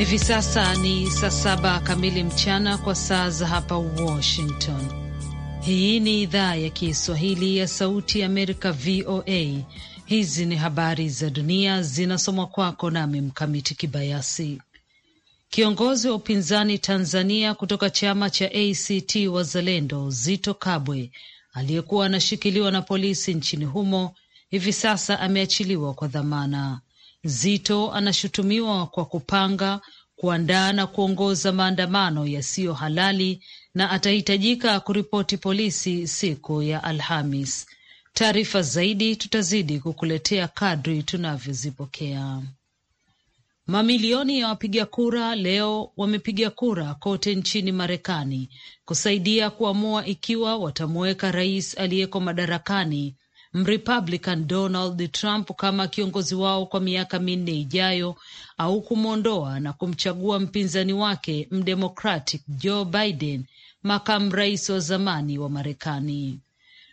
Hivi sasa ni saa saba kamili mchana kwa saa za hapa Washington. Hii ni idhaa ya Kiswahili ya Sauti ya Amerika, VOA. Hizi ni habari za dunia zinasomwa kwako nami Mkamiti Kibayasi. Kiongozi wa upinzani Tanzania kutoka chama cha ACT Wazalendo, Zito Kabwe, aliyekuwa anashikiliwa na polisi nchini humo, hivi sasa ameachiliwa kwa dhamana. Zito anashutumiwa kwa kupanga, kuandaa na kuongoza maandamano yasiyo halali na atahitajika kuripoti polisi siku ya Alhamis. Taarifa zaidi tutazidi kukuletea kadri tunavyozipokea. Mamilioni ya wapiga kura leo wamepiga kura kote nchini Marekani kusaidia kuamua ikiwa watamuweka rais aliyeko madarakani Mrepublican Donald Trump kama kiongozi wao kwa miaka minne ijayo au kumwondoa na kumchagua mpinzani wake Mdemocratic Joe Biden, makamu rais wa zamani wa Marekani.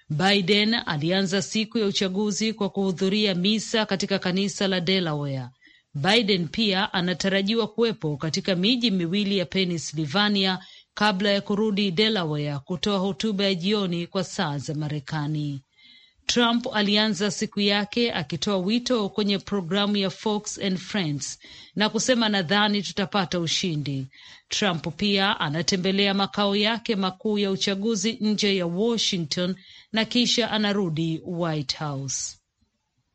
Biden alianza siku ya uchaguzi kwa kuhudhuria misa katika kanisa la Delaware. Biden pia anatarajiwa kuwepo katika miji miwili ya Pennsylvania kabla ya kurudi Delaware kutoa hotuba ya jioni kwa saa za Marekani. Trump alianza siku yake akitoa wito kwenye programu ya Fox and Friends na kusema, nadhani tutapata ushindi. Trump pia anatembelea makao yake makuu ya uchaguzi nje ya Washington na kisha anarudi White House.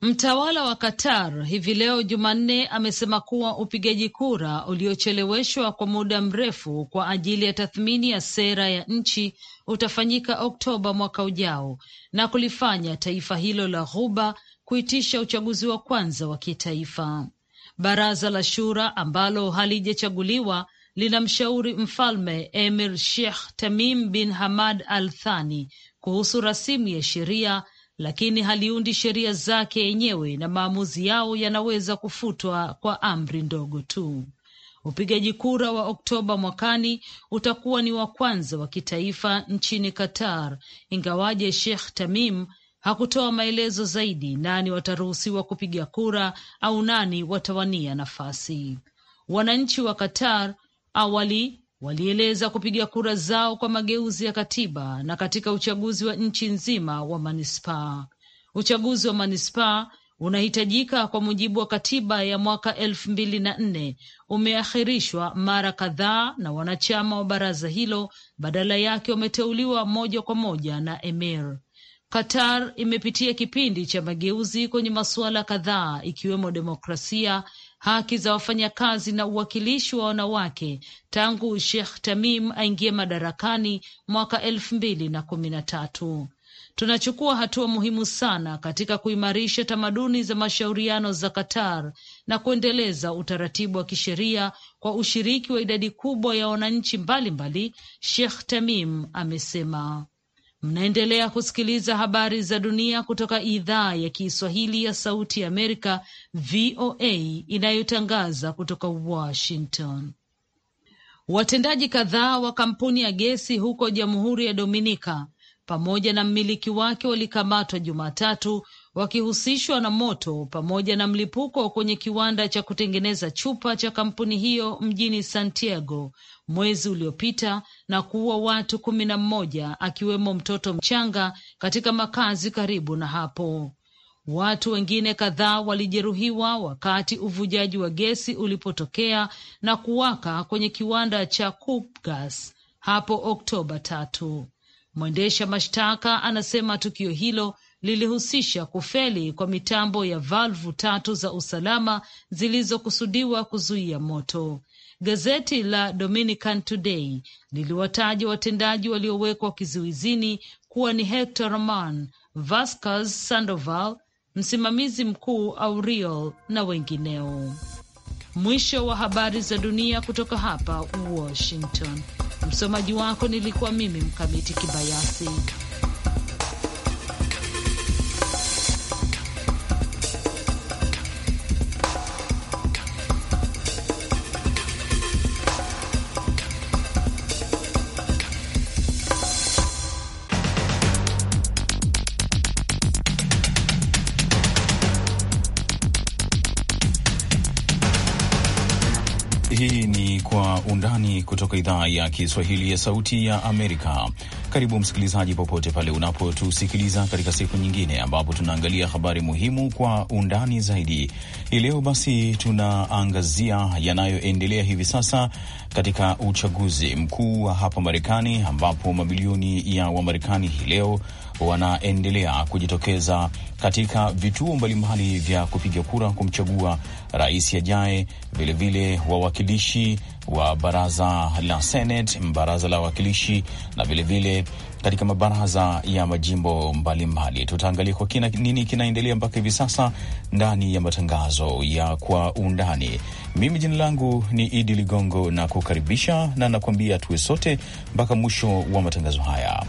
Mtawala wa Qatar hivi leo Jumanne amesema kuwa upigaji kura uliocheleweshwa kwa muda mrefu kwa ajili ya tathmini ya sera ya nchi utafanyika Oktoba mwaka ujao na kulifanya taifa hilo la Ghuba kuitisha uchaguzi wa kwanza wa kitaifa. Baraza la Shura ambalo halijachaguliwa linamshauri mfalme Emir Sheikh Tamim bin Hamad Al Thani kuhusu rasimu ya sheria lakini haliundi sheria zake yenyewe na maamuzi yao yanaweza kufutwa kwa amri ndogo tu. Upigaji kura wa Oktoba mwakani utakuwa ni wa kwanza wa kitaifa nchini Qatar, ingawaje Sheikh Tamim hakutoa maelezo zaidi nani wataruhusiwa kupiga kura au nani watawania nafasi. Wananchi wa Qatar awali walieleza kupiga kura zao kwa mageuzi ya katiba na katika uchaguzi wa nchi nzima wa manispaa. Uchaguzi wa manispaa unahitajika kwa mujibu wa katiba ya mwaka elfu mbili na nne umeahirishwa mara kadhaa na wanachama wa baraza hilo, badala yake wameteuliwa moja kwa moja na emir. Qatar imepitia kipindi cha mageuzi kwenye masuala kadhaa ikiwemo demokrasia haki za wafanyakazi na uwakilishi wa wanawake tangu Sheikh Tamim aingie madarakani mwaka elfu mbili na kumi na tatu. Tunachukua hatua muhimu sana katika kuimarisha tamaduni za mashauriano za Qatar na kuendeleza utaratibu wa kisheria kwa ushiriki wa idadi kubwa ya wananchi mbalimbali, Sheikh Tamim amesema. Mnaendelea kusikiliza habari za dunia kutoka idhaa ya Kiswahili ya Sauti ya Amerika, VOA, inayotangaza kutoka Washington. Watendaji kadhaa wa kampuni ya gesi huko Jamhuri ya Dominika pamoja na mmiliki wake walikamatwa Jumatatu wakihusishwa na moto pamoja na mlipuko kwenye kiwanda cha kutengeneza chupa cha kampuni hiyo mjini Santiago mwezi uliopita na kuua watu kumi na mmoja akiwemo mtoto mchanga katika makazi karibu na hapo. Watu wengine kadhaa walijeruhiwa wakati uvujaji wa gesi ulipotokea na kuwaka kwenye kiwanda cha Kupgas hapo Oktoba tatu. Mwendesha mashtaka anasema tukio hilo lilihusisha kufeli kwa mitambo ya valvu tatu za usalama zilizokusudiwa kuzuia moto. Gazeti la Dominican Today liliwataja watendaji waliowekwa kizuizini kuwa ni Hector Roman, Vasquez Sandoval, msimamizi mkuu Auriol na wengineo. Mwisho wa habari za dunia kutoka hapa Washington. Msomaji wako nilikuwa mimi Mkamiti Kibayasi. kutoka idhaa ya Kiswahili ya Sauti ya Amerika. Karibu msikilizaji, popote pale unapotusikiliza katika siku nyingine ambapo tunaangalia habari muhimu kwa undani zaidi. Hii leo basi tunaangazia yanayoendelea hivi sasa katika uchaguzi mkuu wa hapa Marekani, ambapo mabilioni ya Wamarekani hii leo wanaendelea kujitokeza katika vituo mbalimbali vya kupiga kura kumchagua rais ajaye, vilevile wawakilishi wa baraza la Senate, baraza la wawakilishi na vilevile katika mabaraza ya majimbo mbalimbali. Tutaangalia kwa kina nini kinaendelea mpaka hivi sasa ndani ya matangazo ya Kwa Undani. Mimi jina langu ni Idi Ligongo na kukaribisha na nakuambia tuwe sote mpaka mwisho wa matangazo haya.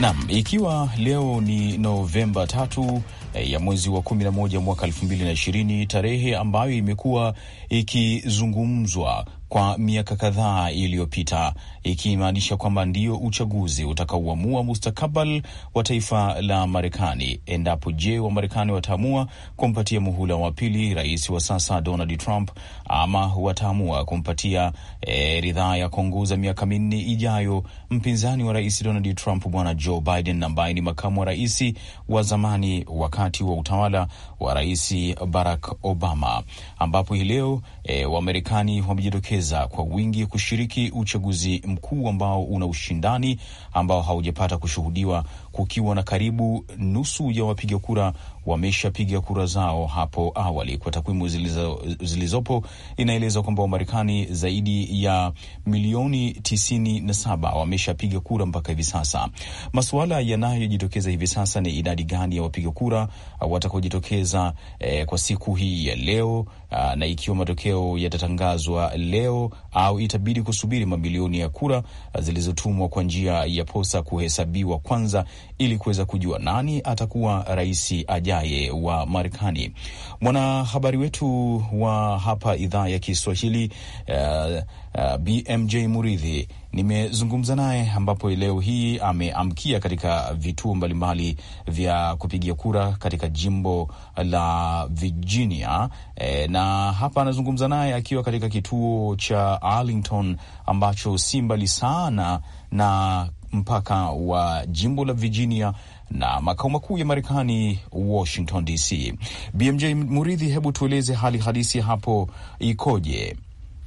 Nam, ikiwa leo ni Novemba tatu eh, ya mwezi wa kumi na moja mwaka elfu mbili na ishirini, tarehe ambayo imekuwa ikizungumzwa kwa miaka kadhaa iliyopita, ikimaanisha kwamba ndio uchaguzi utakaoamua mustakabali wa taifa la Marekani, endapo je, Wamarekani wataamua kumpatia muhula wa pili rais wa sasa Donald Trump ama wataamua kumpatia e, ridhaa ya kuongoza miaka minne ijayo mpinzani wa rais Donald Trump, bwana Joe Biden ambaye ni makamu wa rais wa zamani wakati wa utawala wa rais Barack Obama, ambapo hii leo e, Wamarekani wamejitokeza kujitokeza kwa wingi kushiriki uchaguzi mkuu ambao una ushindani ambao haujapata kushuhudiwa, kukiwa na karibu nusu ya wapiga kura wameshapiga kura zao hapo awali. Kwa takwimu zilizo, zilizopo inaeleza kwamba Wamarekani zaidi ya milioni tisini na saba wameshapiga kura mpaka hivi sasa. Masuala yanayojitokeza hivi sasa ni idadi gani ya wapiga kura uh, watakaojitokeza eh, kwa siku hii ya leo uh, na ikiwa matokeo yatatangazwa leo au itabidi kusubiri mamilioni ya kura uh, zilizotumwa kwa njia ya posa kuhesabiwa kwanza ili kuweza kujua nani atakuwa rais aja ajaye wa Marekani. Mwanahabari wetu wa hapa idhaa ya Kiswahili uh, eh, uh, eh, BMJ Muridhi nimezungumza naye ambapo leo hii ameamkia katika vituo mbalimbali vya kupigia kura katika jimbo la Virginia e, na hapa anazungumza naye akiwa katika kituo cha Arlington ambacho si mbali sana na mpaka wa jimbo la Virginia na makao makuu ya Marekani, Washington DC. BMJ Muridhi, hebu tueleze hali halisi hapo ikoje?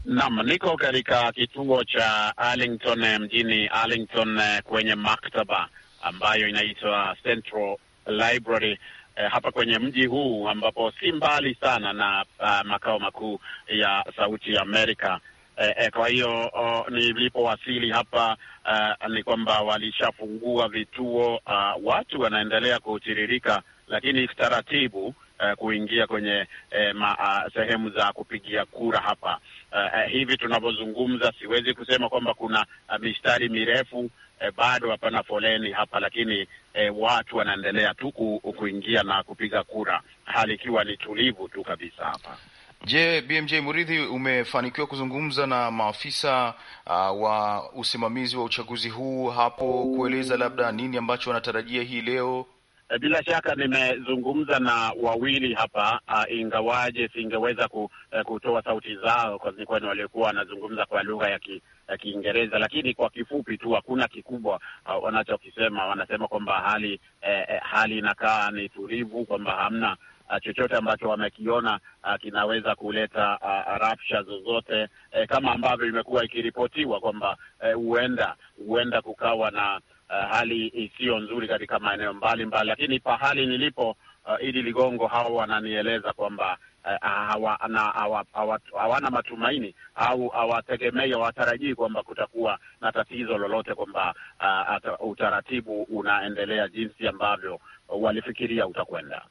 Naam, niko katika kituo cha Arlington eh, mjini Arlington eh, kwenye maktaba ambayo inaitwa Central Library eh, hapa kwenye mji huu ambapo si mbali sana na uh, makao makuu ya Sauti ya Amerika. E, e, kwa hiyo oh, nilipowasili hapa uh, ni kwamba walishafungua vituo uh, watu wanaendelea kutiririka, lakini taratibu uh, kuingia kwenye eh, ma, uh, sehemu za kupigia kura hapa uh, eh, hivi tunavyozungumza, siwezi kusema kwamba kuna uh, mistari mirefu eh, bado hapana foleni hapa, lakini eh, watu wanaendelea tu kuingia na kupiga kura, hali ikiwa ni tulivu tu kabisa hapa. Je, BMJ Muridhi, umefanikiwa kuzungumza na maafisa uh, wa usimamizi wa uchaguzi huu hapo kueleza labda nini ambacho wanatarajia hii leo? Bila shaka nimezungumza na wawili hapa uh, ingawaje singeweza ku, uh, kutoa sauti zao kwa kwani waliokuwa wanazungumza kwa lugha ya ki Kiingereza, lakini kwa kifupi tu, hakuna kikubwa uh, wanachokisema. Wanasema kwamba hali eh, eh hali inakaa ni tulivu, kwamba hamna uh, chochote ambacho wamekiona uh, kinaweza kuleta uh, uh, rapsha zozote uh, kama ambavyo imekuwa ikiripotiwa kwamba uh, huenda uh, huenda kukawa na uh, hali isiyo nzuri katika maeneo mbalimbali, lakini pahali nilipo uh, Idi Ligongo, hawa wananieleza kwamba uh, hawana uh, awa, awa, matumaini au hawategemei hawatarajii kwamba kutakuwa na tatizo lolote, kwamba uh, utaratibu unaendelea jinsi ambavyo walifikiria utakwenda.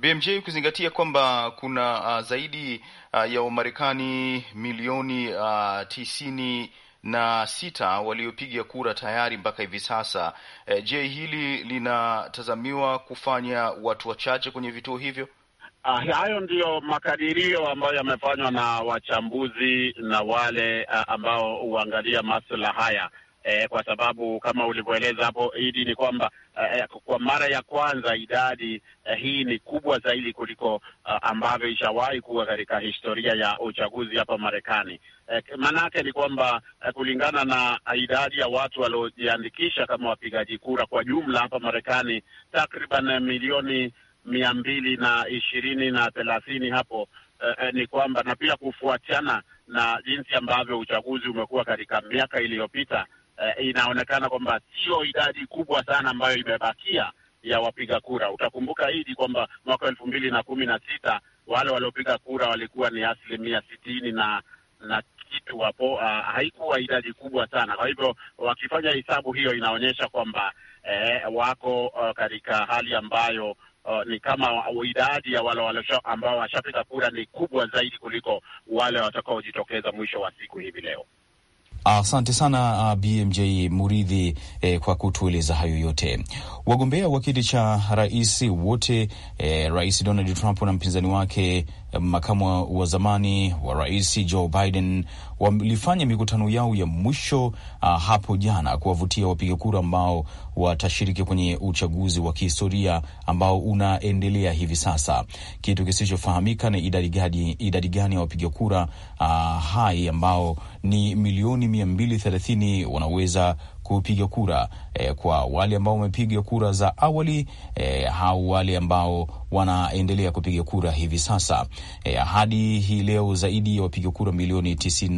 BMJ kuzingatia kwamba kuna uh, zaidi uh, ya Wamarekani milioni uh, tisini na sita waliopiga kura tayari mpaka hivi sasa. E, je, hili linatazamiwa kufanya watu wachache kwenye vituo hivyo? Ah, hayo ndiyo makadirio ambayo yamefanywa na wachambuzi na wale ah, ambao huangalia masuala haya eh, kwa sababu kama ulivyoeleza hapo Idi ni kwamba eh, eh, kwa mara ya kwanza idadi eh, hii ni kubwa zaidi kuliko eh, ambavyo ishawahi kuwa katika historia ya uchaguzi hapa Marekani. Eh, maanake ni kwamba eh, kulingana na idadi ya watu waliojiandikisha kama wapigaji kura kwa jumla hapa Marekani takriban milioni mia mbili na ishirini na thelathini hapo eh, eh ni kwamba na pia kufuatiana na jinsi ambavyo uchaguzi umekuwa katika miaka iliyopita eh, inaonekana kwamba sio idadi kubwa sana ambayo imebakia ya wapiga kura. Utakumbuka hidi kwamba mwaka elfu mbili na kumi na sita wale waliopiga kura walikuwa ni asilimia sitini na na kitu hapo. Uh, ah, haikuwa idadi kubwa sana. Kwa hivyo wakifanya hesabu hiyo inaonyesha kwamba eh, wako uh, katika hali ambayo uh, ni kama idadi ya wale ambao washapiga kura ni kubwa zaidi kuliko wale watakaojitokeza mwisho wa siku hivi leo. Asante sana uh, BMJ Muridhi eh, kwa kutueleza hayo yote. Wagombea wa kiti cha rais wote eh, Rais Donald Trump na mpinzani wake makamu wa zamani wa rais Joe Biden walifanya mikutano yao ya mwisho uh, hapo jana kuwavutia wapiga kura ambao watashiriki kwenye uchaguzi wa kihistoria ambao unaendelea hivi sasa. Kitu kisichofahamika ni idadi gani ya wapiga kura uh, hai ambao ni milioni mia mbili thelathini wanaweza kupiga kura e, kwa wale ambao wamepiga kura za awali e, au wale ambao wanaendelea kupiga kura hivi sasa E, hadi hii leo zaidi ya wapiga kura milioni tisini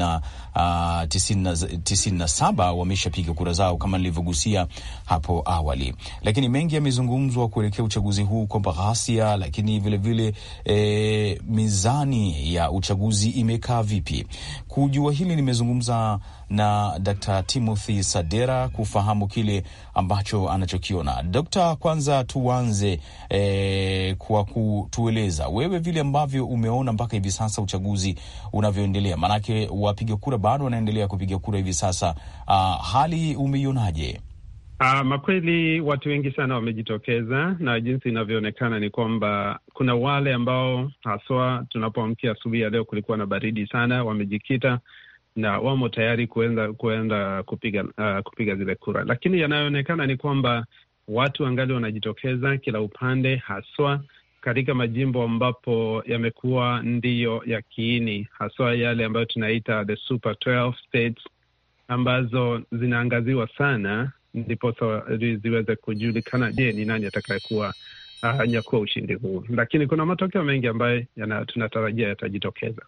na saba wameshapiga kura zao kama nilivyogusia hapo awali, lakini mengi yamezungumzwa kuelekea uchaguzi huu kwamba ghasia, lakini vilevile vile, e, mizani ya uchaguzi imekaa vipi? Kujua hili nimezungumza na Dkt. Timothy Sadera kufahamu kile ambacho anachokiona. Dokta, kwanza tuanze e, kwa kutueleza wewe vile ambavyo umeona mpaka hivi sasa uchaguzi unavyoendelea, maanake wapiga kura bado wanaendelea kupiga kura hivi sasa. Ah, hali umeionaje? Uh, makweli watu wengi sana wamejitokeza na jinsi inavyoonekana ni kwamba kuna wale ambao haswa tunapoamkia asubuhi ya leo kulikuwa na baridi sana, wamejikita na wamo tayari kuenda, kuenda kupiga, uh, kupiga zile kura, lakini yanayoonekana ni kwamba watu wangali wanajitokeza kila upande, haswa katika majimbo ambapo yamekuwa ndiyo ya kiini, haswa yale ambayo tunaita the super 12 states ambazo zinaangaziwa sana, ndiposa ziweze kujulikana, je, ni nani atakayekuwa uh, nyakua ushindi huu. Lakini kuna matokeo mengi ambayo tunatarajia yatajitokeza.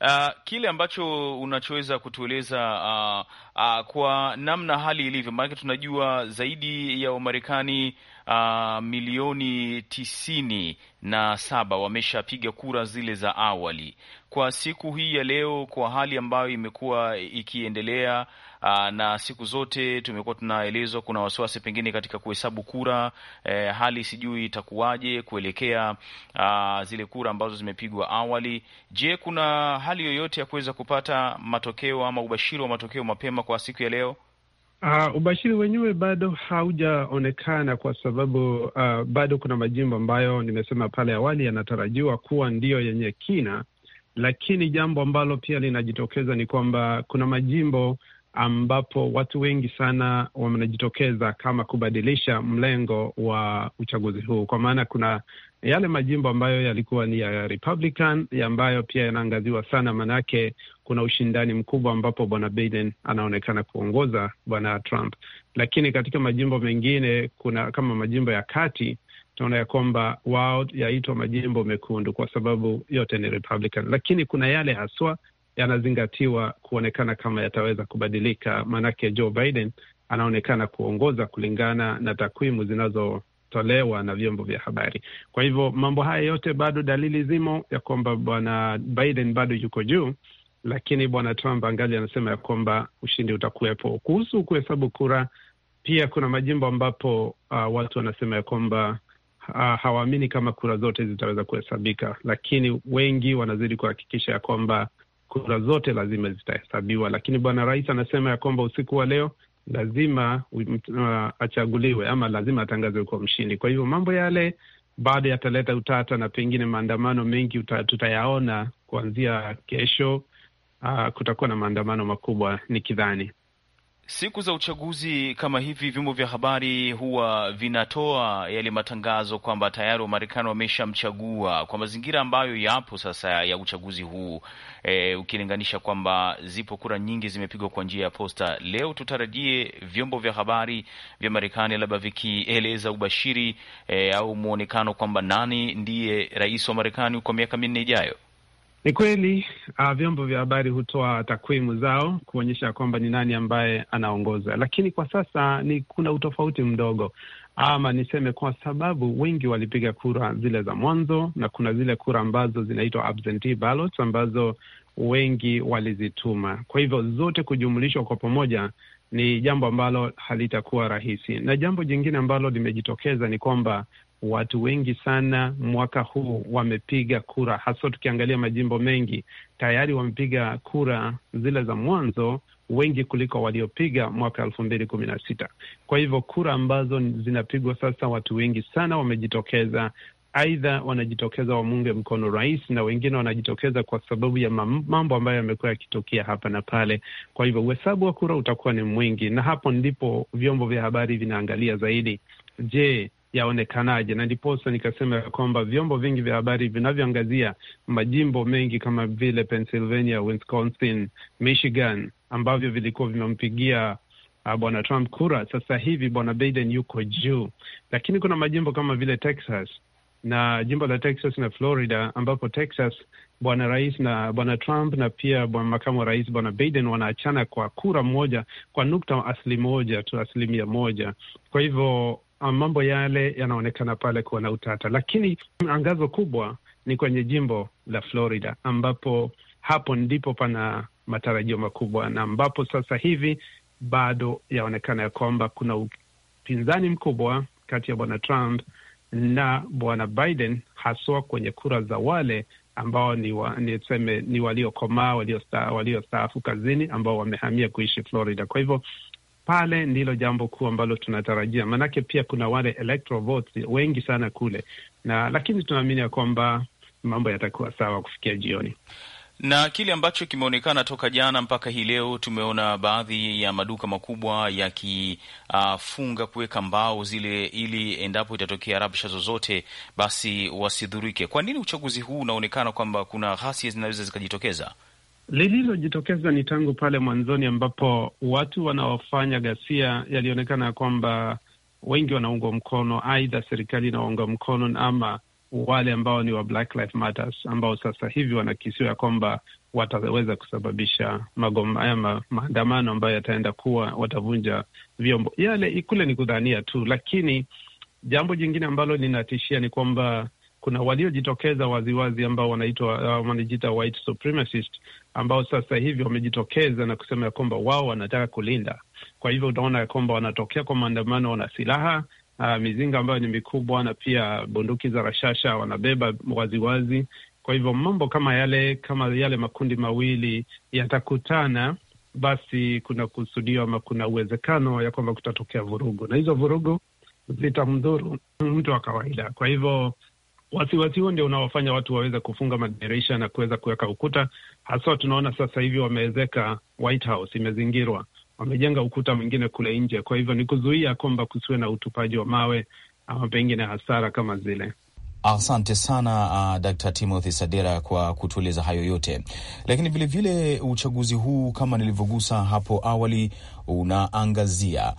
Uh, kile ambacho unachoweza kutueleza uh, uh, kwa namna hali ilivyo, maanake tunajua zaidi ya Wamarekani uh, milioni tisini na saba wameshapiga kura zile za awali kwa siku hii ya leo, kwa hali ambayo imekuwa ikiendelea Ah, na siku zote tumekuwa tunaelezwa kuna wasiwasi pengine katika kuhesabu kura e, hali sijui itakuwaje kuelekea a, ah, zile kura ambazo zimepigwa awali. Je, kuna hali yoyote ya kuweza kupata matokeo ama ubashiri wa matokeo mapema kwa siku ya leo? Uh, ubashiri wenyewe bado haujaonekana kwa sababu uh, bado kuna majimbo ambayo nimesema pale awali yanatarajiwa kuwa ndiyo yenye kina, lakini jambo ambalo pia linajitokeza ni kwamba kuna majimbo ambapo watu wengi sana wanajitokeza kama kubadilisha mlengo wa uchaguzi huu, kwa maana kuna yale majimbo ambayo yalikuwa ni ya Republican ambayo pia yanaangaziwa sana, maanake kuna ushindani mkubwa ambapo bwana Biden anaonekana kuongoza bwana Trump, lakini katika majimbo mengine kuna kama majimbo ya kati tunaona ya kwamba wao yaitwa majimbo mekundu kwa sababu yote ni Republican, lakini kuna yale haswa yanazingatiwa kuonekana kama yataweza kubadilika, maanake Joe Biden anaonekana kuongoza kulingana na takwimu zinazotolewa na vyombo vya habari. Kwa hivyo mambo haya yote bado dalili zimo ya kwamba bwana Biden bado yuko juu, lakini bwana Trump angali anasema ya kwamba ushindi utakuwepo. Kuhusu kuhesabu kura, pia kuna majimbo ambapo uh, watu wanasema ya kwamba uh, hawaamini kama kura zote zitaweza kuhesabika, lakini wengi wanazidi kuhakikisha ya kwamba kura zote lazima zitahesabiwa, lakini bwana rais anasema ya kwamba usiku wa leo lazima uh, achaguliwe ama lazima atangazwe kwa mshindi. Kwa hivyo mambo yale bado yataleta utata na pengine maandamano mengi uta, tutayaona kuanzia kesho. Uh, kutakuwa na maandamano makubwa ni kidhani. Siku za uchaguzi kama hivi, vyombo vya habari huwa vinatoa yale matangazo kwamba tayari Wamarekani wameshamchagua kwa mazingira ambayo yapo sasa ya uchaguzi huu. E, ukilinganisha kwamba zipo kura nyingi zimepigwa kwa njia ya posta. Leo tutarajie vyombo vya habari vya Marekani labda vikieleza ubashiri e, au mwonekano kwamba nani ndiye rais wa Marekani kwa miaka minne ijayo. Ni kweli uh, vyombo vya habari hutoa takwimu zao kuonyesha kwamba ni nani ambaye anaongoza, lakini kwa sasa ni kuna utofauti mdogo, ama niseme kwa sababu wengi walipiga kura zile za mwanzo, na kuna zile kura ambazo zinaitwa absentee ballots ambazo wengi walizituma. Kwa hivyo zote kujumlishwa kwa pamoja ni jambo ambalo halitakuwa rahisi. Na jambo jingine ambalo limejitokeza ni kwamba watu wengi sana mwaka huu wamepiga kura, haswa tukiangalia majimbo mengi tayari wamepiga kura zile za mwanzo, wengi kuliko waliopiga mwaka elfu mbili kumi na sita. Kwa hivyo kura ambazo zinapigwa sasa, watu wengi sana wamejitokeza, aidha wanajitokeza wamunge mkono rais, na wengine wanajitokeza kwa sababu ya mambo ambayo yamekuwa yakitokea hapa na pale. Kwa hivyo uhesabu wa kura utakuwa ni mwingi, na hapo ndipo vyombo vya habari vinaangalia zaidi. Je, yaonekanaje, na ndiposa nikasema ya kwamba vyombo vingi vya habari vinavyoangazia majimbo mengi kama vile Pennsylvania, Wisconsin, Michigan ambavyo vilikuwa vimempigia uh, bwana Trump kura, sasa hivi bwana Biden yuko juu, lakini kuna majimbo kama vile Texas na jimbo la Texas na Florida ambapo Texas bwana rais na bwana Trump na pia bwana makamu wa rais bwana Biden wanaachana kwa kura moja kwa nukta asili moja tu asilimia moja. Kwa hivyo Ah, mambo yale yanaonekana pale kuwa na utata, lakini angazo kubwa ni kwenye jimbo la Florida ambapo hapo ndipo pana matarajio makubwa na ambapo sasa hivi bado yaonekana ya kwamba kuna upinzani mkubwa kati ya bwana Trump na bwana Biden, haswa kwenye kura za wale ambao ni wa, ni, ni waliokomaa waliostaafu walio kazini ambao wamehamia kuishi Florida. Kwa hivyo pale ndilo jambo kuu ambalo tunatarajia, maanake pia kuna wale electoral votes wengi sana kule na, lakini tunaamini ya kwamba mambo yatakuwa sawa kufikia jioni na kile ambacho kimeonekana toka jana mpaka hii leo, tumeona baadhi ya maduka makubwa yakifunga uh, kuweka mbao zile, ili endapo itatokea rabsha zozote, basi wasidhurike. Kwa nini uchaguzi huu unaonekana kwamba kuna ghasia zinaweza zikajitokeza? Lililojitokeza ni tangu pale mwanzoni ambapo watu wanaofanya ghasia yalionekana ya kwamba wengi wanaungwa mkono aidha serikali inaunga mkono ama wale ambao ni wa Black Lives Matters, ambao sasa hivi wanakisiwa ya kwamba wataweza kusababisha magoma ama eh, maandamano ambayo yataenda kuwa watavunja vyombo. Yale kule ni kudhania tu, lakini jambo jingine ambalo linatishia ni kwamba kuna waliojitokeza waziwazi ambao wanaitwa uh, wanajiita white supremacist ambao sasa hivi wamejitokeza na kusema ya kwamba wao wanataka kulinda. Kwa hivyo utaona ya kwamba wanatokea kwa maandamano, wana silaha uh, mizinga ambayo ni mikubwa na pia bunduki za rashasha wanabeba waziwazi. Kwa hivyo mambo kama yale kama yale makundi mawili yatakutana, basi kuna kusudio ama kuna uwezekano ya kwamba kutatokea vurugu, na hizo vurugu zitamdhuru mtu wa kawaida. Kwa hivyo Wasiwasi huo ndio unaofanya watu waweze kufunga madirisha na kuweza kuweka ukuta, haswa tunaona sasa hivi wamewezeka, White House imezingirwa, wamejenga ukuta mwingine kule nje. Kwa hivyo ni kuzuia kwamba kusiwe na utupaji wa mawe ama pengine hasara kama zile. Asante sana uh, Dkt. Timothy Sadera kwa kutueleza hayo yote. Lakini vilevile uchaguzi huu kama nilivyogusa hapo awali unaangazia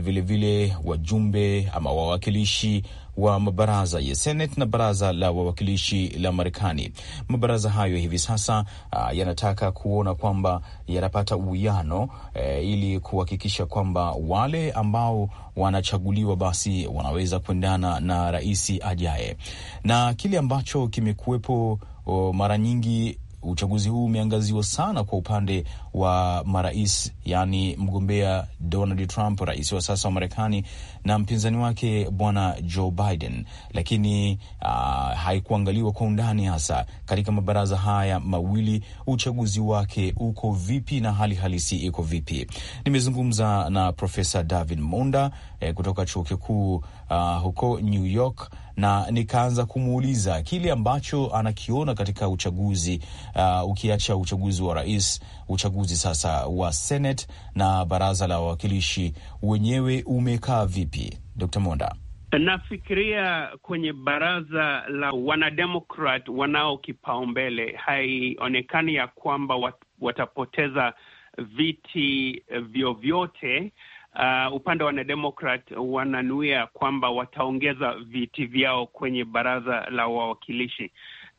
vilevile eh, vile wajumbe ama wawakilishi wa mabaraza ya Senate na baraza la wawakilishi la Marekani. Mabaraza hayo hivi sasa ah, yanataka kuona kwamba yanapata uwiano e, ili kuhakikisha kwamba wale ambao wanachaguliwa basi wanaweza kuendana na rais ajaye na kile ambacho kimekuwepo oh, mara nyingi uchaguzi huu umeangaziwa sana kwa upande wa marais, yani mgombea Donald Trump, rais wa sasa wa Marekani, na mpinzani wake bwana Joe Biden, lakini uh, haikuangaliwa kwa undani hasa katika mabaraza haya mawili, uchaguzi wake uko vipi na hali halisi iko vipi. Nimezungumza na Profesa David Monda eh, kutoka chuo kikuu uh, huko New York na nikaanza kumuuliza kile ambacho anakiona katika uchaguzi uh, ukiacha uchaguzi wa rais, uchaguzi sasa wa Senate na baraza la wawakilishi wenyewe umekaa vipi, Dr. Monda? Nafikiria kwenye baraza la wanademokrat wanao kipaumbele, haionekani ya kwamba wat, watapoteza viti vyovyote uh, upande wa wanademokrat wananuia kwamba wataongeza viti vyao kwenye baraza la wawakilishi.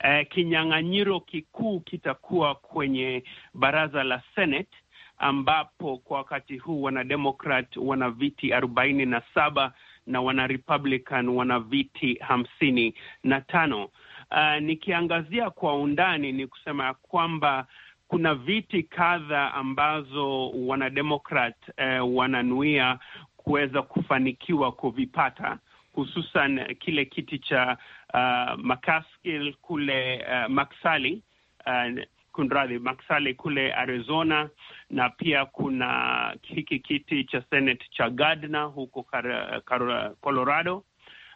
Uh, kinyang'anyiro kikuu kitakuwa kwenye baraza la Senate ambapo kwa wakati huu wanademokrat wana viti arobaini na saba na wanarepublican wana viti hamsini na tano. Uh, nikiangazia kwa undani ni kusema ya kwamba kuna viti kadha ambazo wanademokrat eh, wananuia kuweza kufanikiwa kuvipata hususan kile kiti cha uh, McCaskill kule uh, eh, Maksali uh, eh, kunradhi, Maksali kule Arizona, na pia kuna hiki kiti cha Senate cha Gardner huko Kar Kar Colorado.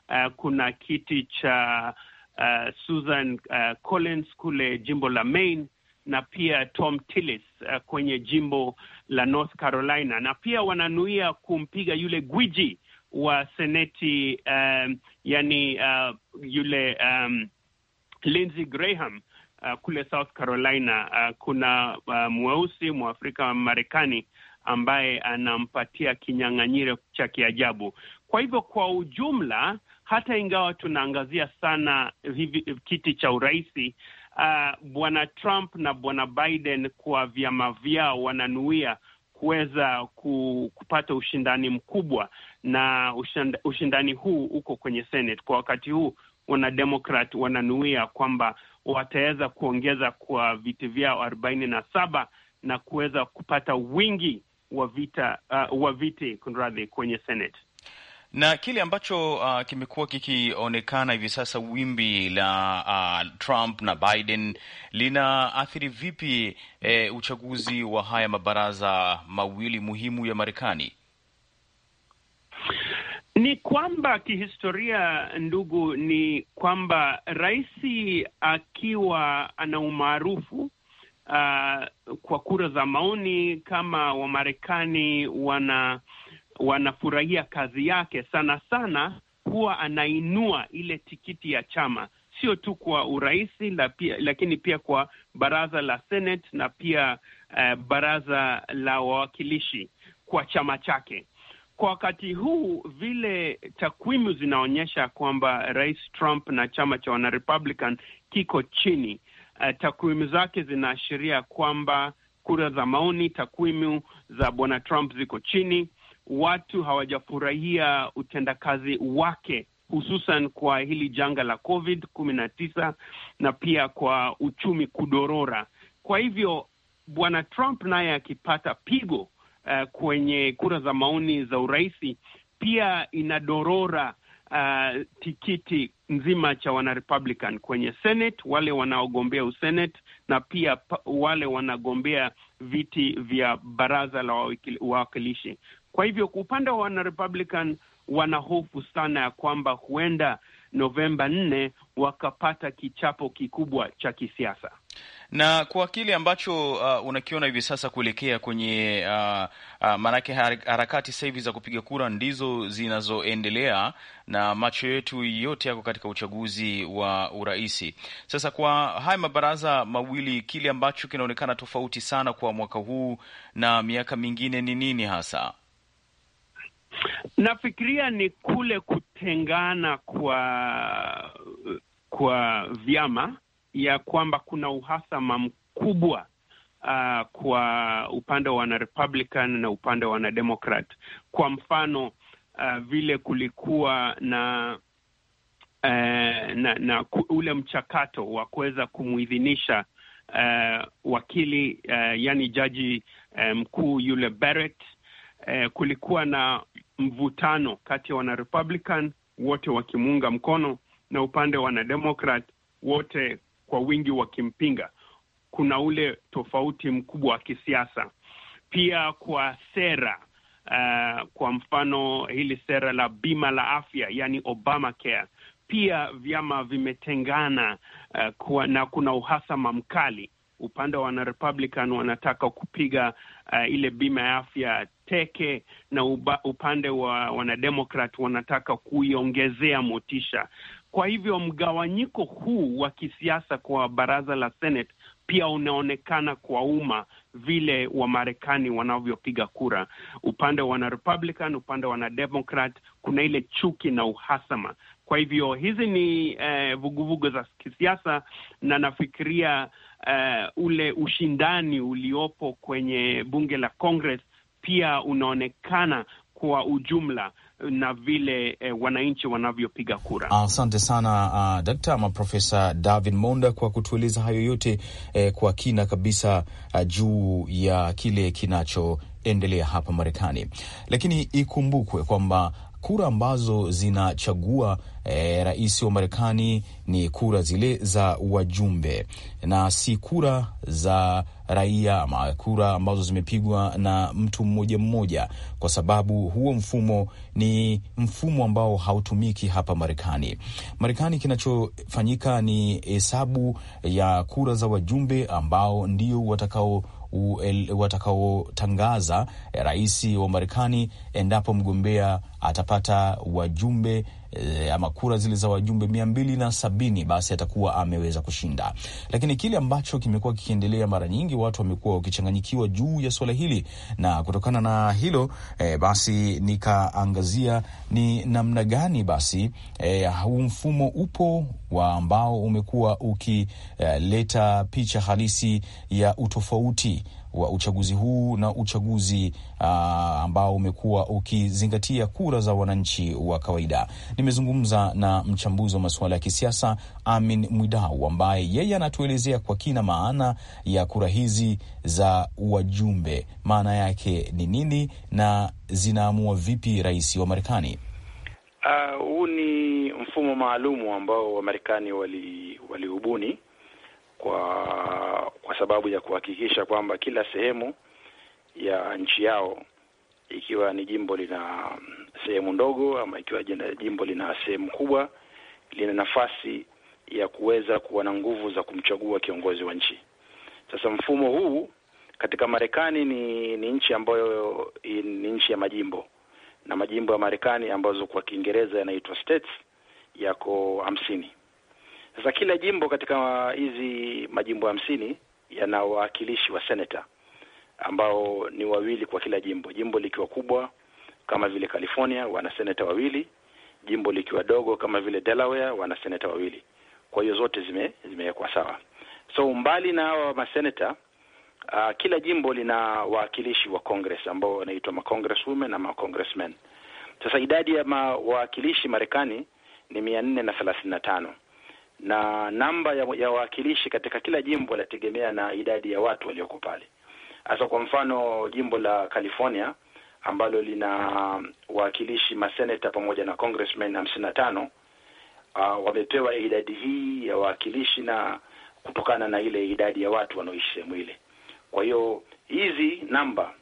Uh, kuna kiti cha uh, Susan uh, Collins kule jimbo la Maine na pia Tom Tillis uh, kwenye jimbo la North Carolina, na pia wananuia kumpiga yule gwiji wa seneti um, yani uh, yule um, Lindsey Graham uh, kule South Carolina. Uh, kuna uh, mweusi mwafrika Marekani ambaye anampatia kinyang'anyiro cha kiajabu. Kwa hivyo kwa ujumla, hata ingawa tunaangazia sana hivi kiti cha uraisi uh, bwana Trump na bwana Biden kwa vyama vyao wananuia kuweza kupata ushindani mkubwa, na ushindani huu uko kwenye Senate kwa wakati huu. Wanademokrat wananuia kwamba wataweza kuongeza kwa viti vyao arobaini na saba na kuweza kupata wingi wa vita uh, wa viti kunradhi, kwenye Senate na kile ambacho uh, kimekuwa kikionekana hivi sasa, wimbi la uh, Trump na Biden linaathiri vipi eh, uchaguzi wa haya mabaraza mawili muhimu ya Marekani? Ni kwamba kihistoria, ndugu, ni kwamba rais akiwa ana umaarufu uh, kwa kura za maoni, kama Wamarekani wana wanafurahia kazi yake sana sana, huwa anainua ile tikiti ya chama sio tu kwa urahisi la pia, lakini pia kwa baraza la Senate na pia uh, baraza la wawakilishi kwa chama chake. Kwa wakati huu vile takwimu zinaonyesha kwamba Rais Trump na chama cha wanarepublican kiko chini. Uh, takwimu zake zinaashiria kwamba kura za maoni, takwimu za bwana Trump ziko chini watu hawajafurahia utendakazi wake hususan kwa hili janga la Covid kumi na tisa na pia kwa uchumi kudorora. Kwa hivyo bwana Trump naye akipata pigo uh, kwenye kura za maoni za uraisi, pia inadorora uh, tikiti nzima cha wanarepublican kwenye Senate, wale wanaogombea usenate na pia wale wanagombea viti vya baraza la wawakilishi. Kwa hivyo kwa upande wa wanarepublican wanahofu sana ya kwamba huenda Novemba nne wakapata kichapo kikubwa cha kisiasa na kwa kile ambacho uh, unakiona hivi sasa kuelekea kwenye uh, uh, maanake harakati sasa hivi za kupiga kura ndizo zinazoendelea na macho yetu yote yako katika uchaguzi wa urahisi Sasa kwa haya mabaraza mawili, kile ambacho kinaonekana tofauti sana kwa mwaka huu na miaka mingine ni nini hasa? Nafikiria ni kule kutengana kwa kwa vyama, ya kwamba kuna uhasama mkubwa uh, kwa upande wa wanarepublican na upande wa wanademokrat. Kwa mfano uh, vile kulikuwa na uh, na, na ule mchakato wa kuweza kumwidhinisha uh, wakili uh, yani jaji uh, mkuu um, yule Barrett. Uh, kulikuwa na mvutano kati ya wanarepublican wote wakimuunga mkono na upande wa wanademokrat wote kwa wingi wakimpinga. Kuna ule tofauti mkubwa wa kisiasa pia kwa sera uh, kwa mfano hili sera la bima la afya yani Obamacare, pia vyama vimetengana uh, na kuna uhasama mkali upande wa wanarepublican wanataka kupiga uh, ile bima ya afya teke na uba, upande wa wanademokrat wanataka kuiongezea motisha. Kwa hivyo mgawanyiko huu wa kisiasa kwa baraza la Senate pia unaonekana kwa umma vile Wamarekani wanavyopiga kura, upande wa wanarepublican, upande wa wanademokrat, kuna ile chuki na uhasama. Kwa hivyo hizi ni uh, vuguvugu eh, vugu za kisiasa na nafikiria uh, ule ushindani uliopo kwenye bunge la Congress pia unaonekana kwa ujumla na vile eh, wananchi wanavyopiga kura. Asante sana uh, ah, Dakta ama Profesa David Monda kwa kutueleza hayo yote eh, kwa kina kabisa uh, juu ya kile kinachoendelea hapa Marekani, lakini ikumbukwe kwamba kura ambazo zinachagua e, rais wa Marekani ni kura zile za wajumbe na si kura za raia ama kura ambazo zimepigwa na mtu mmoja mmoja, kwa sababu huo mfumo ni mfumo ambao hautumiki hapa Marekani. Marekani kinachofanyika ni hesabu ya kura za wajumbe ambao ndio watakao watakaotangaza rais wa Marekani endapo mgombea atapata wajumbe e, ama kura zile za wajumbe mia mbili na sabini basi atakuwa ameweza kushinda. Lakini kile ambacho kimekuwa kikiendelea mara nyingi, watu wamekuwa wakichanganyikiwa juu ya suala hili, na kutokana na hilo e, basi nikaangazia ni namna gani basi eh, huu mfumo upo wa ambao umekuwa ukileta e, picha halisi ya utofauti wa uchaguzi huu na uchaguzi uh, ambao umekuwa ukizingatia kura za wananchi wa kawaida. Nimezungumza na mchambuzi wa masuala ya kisiasa Amin Mwidau ambaye yeye anatuelezea kwa kina maana ya kura hizi za wajumbe, maana yake ni nini na zinaamua vipi rais wa Marekani. Ah, huu uh, ni mfumo maalumu ambao Wamarekani waliubuni wali kwa kwa sababu ya kuhakikisha kwamba kila sehemu ya nchi yao ikiwa ni jimbo lina sehemu ndogo ama ikiwa jimbo lina sehemu kubwa lina nafasi ya kuweza kuwa na nguvu za kumchagua kiongozi wa nchi. Sasa mfumo huu katika Marekani ni, ni nchi ambayo ni nchi ya majimbo na majimbo ya Marekani ambazo kwa Kiingereza yanaitwa states yako hamsini. Sasa kila jimbo katika hizi majimbo hamsini yana wawakilishi wa seneta ambao ni wawili kwa kila jimbo. Jimbo likiwa kubwa kama vile California wana seneta wawili, jimbo likiwa dogo kama vile Delaware wana seneta wawili. Kwa hiyo zote zime zimewekwa sawa. So mbali na hawa maseneta uh, kila jimbo lina wawakilishi wa Congress ambao wanaitwa macongresswomen na macongressmen. Sasa idadi ya mawakilishi Marekani ni mia nne na thelathini na tano na namba ya, ya wawakilishi katika kila jimbo inategemea na idadi ya watu walioko pale. Hasa kwa mfano jimbo la California ambalo lina um, wawakilishi maseneta pamoja na congressmen hamsini na tano uh, wamepewa idadi hii ya wawakilishi na kutokana na ile idadi ya watu wanaoishi sehemu ile. Kwa hiyo hizi namba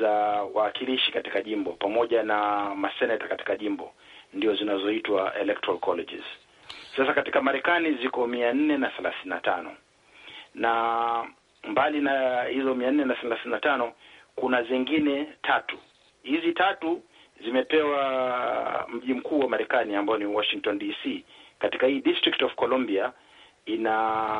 za wawakilishi katika jimbo pamoja na maseneta katika jimbo ndio zinazoitwa electoral colleges. Sasa katika Marekani ziko mia nne na thelathini na tano na mbali na hizo mia nne na thelathini na tano kuna zingine tatu. Hizi tatu zimepewa mji mkuu wa Marekani ambao ni Washington DC. Katika hii District of Columbia ina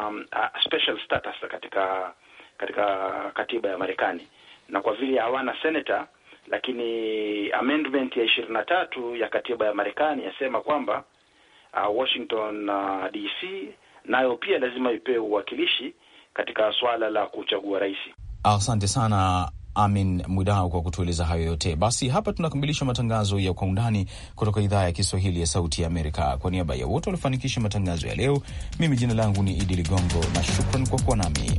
uh, special status katika katika katiba ya Marekani, na kwa vile hawana senator, lakini amendment ya ishirini na tatu ya katiba ya Marekani yasema kwamba uh, Washington uh, DC nayo pia lazima ipewe uwakilishi katika swala la kuchagua rais. Asante sana Amin Mwidau kwa kutueleza hayo yote. Basi hapa tunakamilisha matangazo ya Kwa Undani kutoka idhaa ya Kiswahili ya Sauti ya Amerika. Kwa niaba ya wote waliofanikisha matangazo ya leo, mimi jina langu ni Idi Ligongo na shukran kwa kuwa nami.